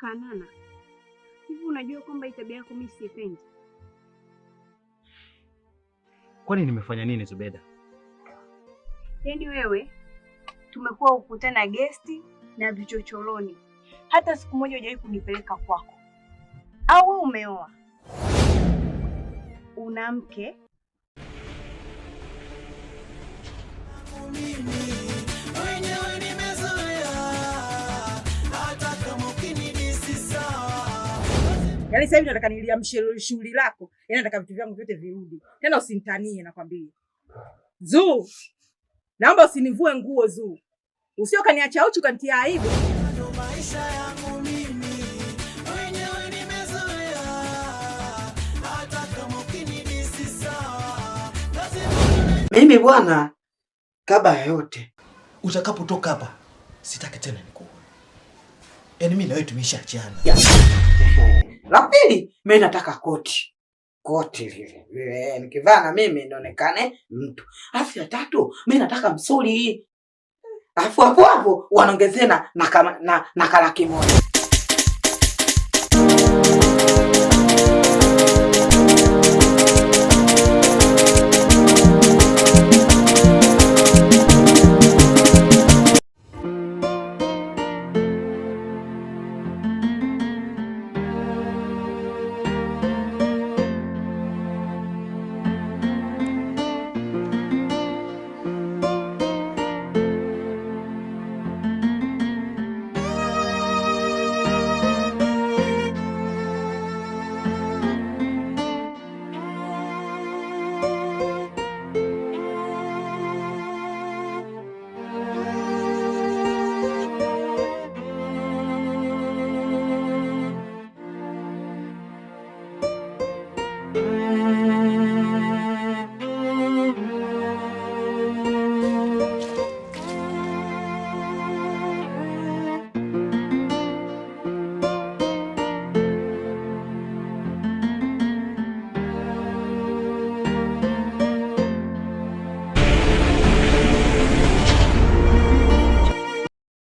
Kanana, hivi unajua kwamba tabia yako mimi siipendi? Kwani nimefanya nini Zubeda? Yaani wewe tumekuwa ukutana gesti na vichochoroni, hata siku moja hujawahi kunipeleka kwako. Au wewe umeoa, una mke Yaani sasa hivi nataka niliamshe shughuli lako. Yaani nataka vitu vyangu vyote virudi. Tena usinitanie nakwambia. Zuu. Naomba usinivue nguo Zuu. Usio kaniacha uchi kanitia aibu. maisha yangu mimi. nimezoea. Hata kama sawa. Mimi bwana kabla ya yote utakapotoka hapa sitaki tena nikuone. Yaani mimi na wewe tumeshaachana. La pili, mimi nataka koti koti lile lile, nikivaa na mimi nionekane mtu. Alafu ya tatu, mimi nataka msuli. Alafu hapo hapo wanaongezea na na, na, na kala